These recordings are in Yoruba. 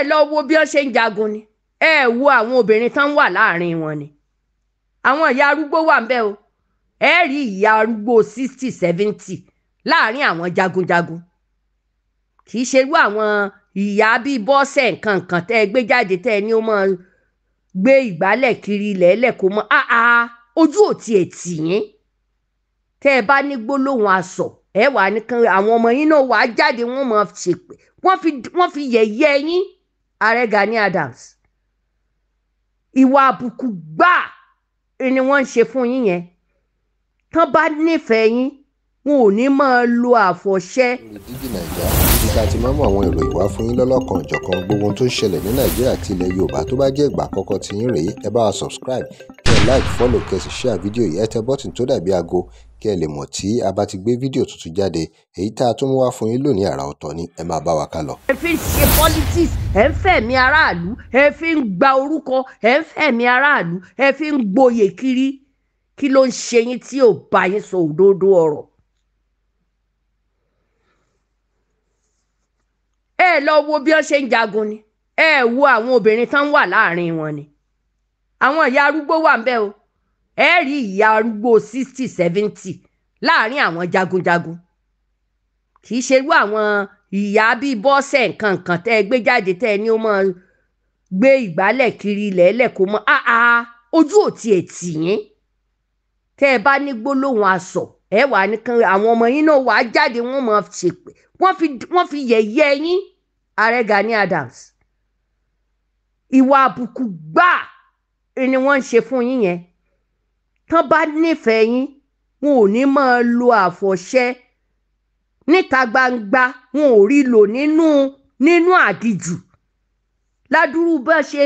ẹ lọ wo bí wọ́n ṣe ń jagun ni ẹ wo àwọn obìnrin tán wà láàrin wọn ni àwọn ìyá arúgbó wà ń bẹ o ẹ rí ìyá arúgbó sixty seventy láàrin àwọn jagunjagun kì í ṣerú àwọn ìyá bíi bọ́sẹ̀ nǹkan nǹkan tẹ́ ẹ gbé jáde tẹ́ ẹ ní ó máa gbé ìgbálẹ̀ kiri ilẹ̀ ẹlẹ̀ kó mọ́ áá ojú ò tiẹ̀ tì yín tẹ́ ẹ bá ní gbólóhùn aṣọ ẹ wà nìkan àwọn ọmọ yín náà wàá jáde wọ́n máa ṣèpè wọ́n fi yẹ̀yẹ́ yín ààrẹ Gani Adams ìwà àbùkù gbáà ni wọ́n ń ṣe fún yín yẹn tán bá nífẹ̀ẹ́ yín wọn ò ní máa lo àfọ̀ṣẹ. dídí a ti máa ń mú àwọn ìròyìn wá fún yín lọ́lọ́kan ọ̀jọ̀kan gbogbo ohun tó ń ṣẹlẹ̀ ní nàìjíríà àti ilẹ̀ yorùbá tó bá jẹ́ ìgbà àkọ́kọ́ tí yín rèé ẹ bá wa subscribe like follow kẹ́ sì share fídíò yìí ẹ button bọ́tìn tó dàbí aago kẹ́ ẹ lè mọ̀ tí a bá ti gbé fídíò tuntun jáde èyí tá a tún mú wá fún yín lónìí àrà ọ̀tọ̀ ni ẹ máa bá wa ká lọ. ẹ fi ń ṣe politics ẹ ń fẹ̀mí aráàlú ẹ fi ń gba orúkọ ẹ ń fẹ̀mí aráàlú ẹ fi ń gboyè kiri kí ló ń ṣe yín tí ò bá yín sọ òdodo ọ̀rọ̀. ẹ lọ wo bí wọ́n ṣe ń jagun ni ẹ wo àwọn obìnrin tán wà láàrin wọn ni àwọn ìyá arúgbó wà ń bẹ̀ o ẹ rí ìyá arúgbó sixty seventy láàrin àwọn jagunjagun kì í ṣerú àwọn ìyá bíi bọ́sẹ̀ nǹkan nǹkan tẹ́ ẹ gbé jáde tẹ́ ẹ ní ó máa gbé ìgbálẹ̀ kiri ilẹ̀ ẹlẹ̀ kó mọ́ áá ojú ò tiẹ̀ tì yín tẹ́ ẹ bá ní gbólóhùn asọ̀ ẹ wà nìkan àwọn ọmọ yín náà wàá jáde wọ́n máa ṣèpè wọ́n fi yẹ̀yẹ́ yín ààrẹ Adams ìwà àbùkù gbáà ni wọ́n ń ṣe fún yín yẹn tán bá nífẹ̀ẹ́ yín wọn ò ní máa lo àfọ̀ṣẹ níta gbangba wọn ò rí lò nínú nínú àdìjù ládùúrú bá ṣe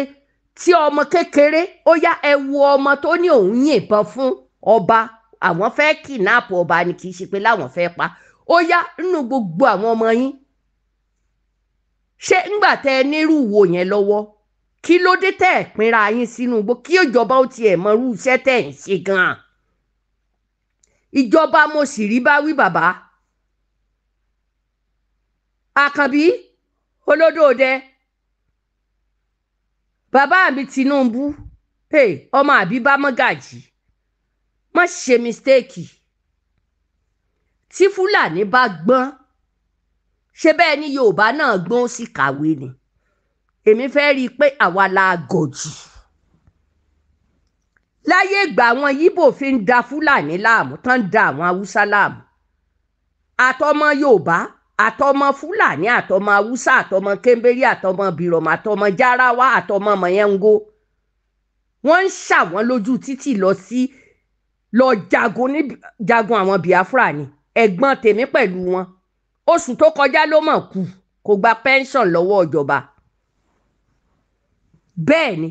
tí ọmọ kékeré ó yá ẹ wo ọmọ tó ní òun yìnbọn fún ọba àwọn fẹ́ kìnnáàpù ọba ni kì í ṣe pé láwọn fẹ́ pa ó yá nínú gbogbo àwọn ọmọ yín ṣé ńgbà tẹ ẹ nírú wo yẹn lọ́wọ́ kí ló dé tẹ́ ẹ̀ pinra yín sínú igbó kí ìjọba ó tiẹ̀ mọ irú iṣẹ́ tẹ́ ẹ̀ ń ṣe gan-an ìjọba mo sì rí bá wí bàbá àkànbí olódòde bàbá mi Tinubu hey, ọmọ àbíbá mọ́gàjì má ṣe mistake tí Fúlàní bá gbọ́n ṣe bẹ́ẹ̀ ni Yorùbá náà gbọ́n ó sì kàwé ni èmi fẹ́ rí i pé àwa la gòjì láyé ìgbà àwọn yíbò fi ń da fúlàní láàmú tán ń da àwọn haúsá láàmú àtọmọ yorùbá àtọmọ fúlàní àtọmọ haúsá àtọmọ kẹ́ńbẹ́rì àtọmọ bìrọ̀mù àtọmọ járáwá àtọmọ mọ̀yẹ́ngó wọ́n ń ṣà wọ́n lójú títì lọ sí lọ jagun ní jagun àwọn biafra ni ẹ̀gbọ́n tèmi pẹ̀lú wọn oṣù tó kọjá ló mọ̀ kú kò gba pension lọ́wọ́ ìjọba bẹ́ẹ̀ ni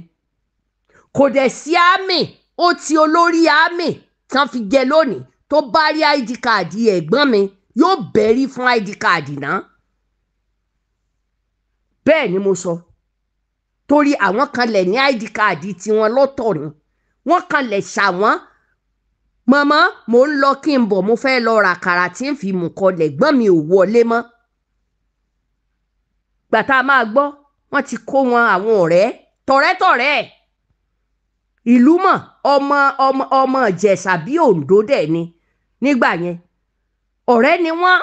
kò dẹ̀ sí àmì ó ti olórí àmì tán fi jẹ lónìí tó bá rí id káàdì ẹ̀gbọ́n mi yóò bẹ̀rí fún id káàdì náà bẹ́ẹ̀ ni mo sọ torí àwọn kan lẹ̀ ní id káàdì tiwọn lọ́tọ̀ ni wọ́n kan lẹ̀ ṣàwọn mọ̀mọ́ mò ń lọ kí n bọ̀ mo fẹ́ lọ ra àkàrà tí ń fi mú kọlẹ̀ gbọ́n mi ò wọlé mọ́ gbàtà máa gbọ́ wọ́n ti kó wọn àwọn ọ̀rẹ́ tọ̀rẹ́tọ̀rẹ́ ẹ̀ ìlú mọ̀ ọmọ ọmọ ọmọ ìjẹ̀ṣà bíi Oǹdó dẹ̀ ni nígbà yẹn ọ̀rẹ́ ni wọ́n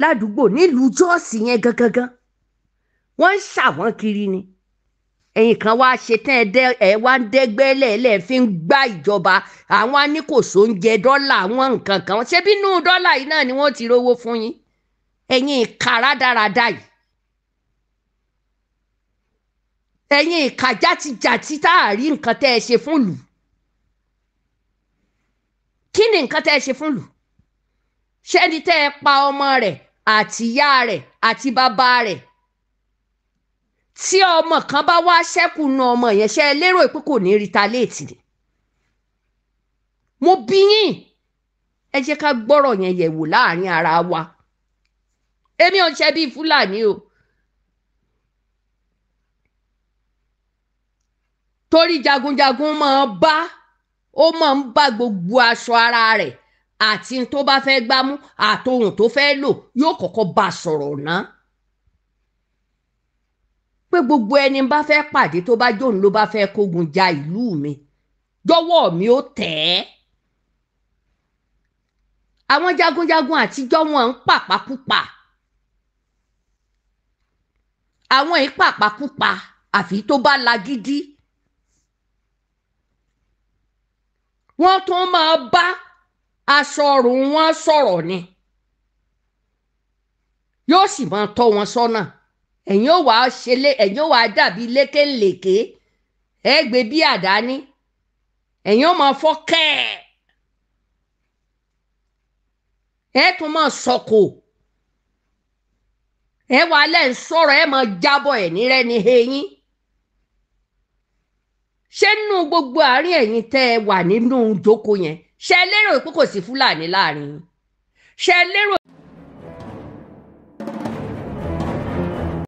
ládùúgbò nílùú jọ́ọ̀sì yẹn gangan wọ́n ń ṣàwọn kiri ni ẹ̀yìn kan wá ṣetán ẹ̀ wá ń dẹ́gbẹ́lẹ̀ ẹ̀ fi ń gbá ìjọba àwọn aníkòsó ń jẹ dọ́là àwọn nǹkan kan ṣé bínú dọ́là yìí náà ni wọ́n ti rówó fún yín ẹ̀yìn ìka rádaràda yìí ẹ̀yin ìka játijàti tá a rí nǹkan tẹ́ ẹ ṣe fún lù kí ni nǹkan tẹ́ ẹ ṣe fún lù ṣẹ́ni tẹ́ ẹ pa ọmọ rẹ̀ àti ìyá rẹ̀ àti bàbá rẹ̀ tí ọmọ kan bá wá ṣẹ́kù na ọmọ yẹn ṣe lérò pé kò ní retaliate ni mo bí yín ẹ jẹ́ ká gbọ́rọ̀ yẹn yẹ̀wò láàrin ara wa èmi ò ṣe bíi fúlàní o torí jagunjagun máa bá ó máa ń bá gbogbo aṣọ ara rẹ̀ àti tó bá fẹ́ gbámú àtohùn tó fẹ́ lò yóò kọ́kọ́ bá a sọ̀rọ̀ ná pé gbogbo ẹni bá fẹ́ pàdé tó bá jóun ló bá fẹ́ kógun ja ìlú mi jọ̀wọ́ mi ó tẹ̀ ẹ́ àwọn jagunjagun àtijọ́ wọn ń pàpàkùpà àwọn ìpàpàkùpà àfi tó bá lagídí. wọ́n tún máa bá aṣọrù wọn sọ̀rọ̀ ni yóò sì máa tọ́ wọn sọ́nà ẹ̀yin ò wá ṣẹlẹ̀ ẹ̀yin ò wá dàbí lékèlékè ẹ gbé bí àdáni ẹ̀yin ò máa fọ́ kẹ́ẹ̀ ẹ tún máa sọ̀kò ẹ wà lẹ́ ń sọ̀rọ̀ ẹ máa jábọ̀ ẹ̀ nírẹ́ ni eyín ṣé nínú gbogbo àárín ẹ̀yin tẹ́ ẹ wà nínú ìjókòó yẹn ṣé ẹ lérò pé kò sí fúlàní láàrin ṣé ẹ lérò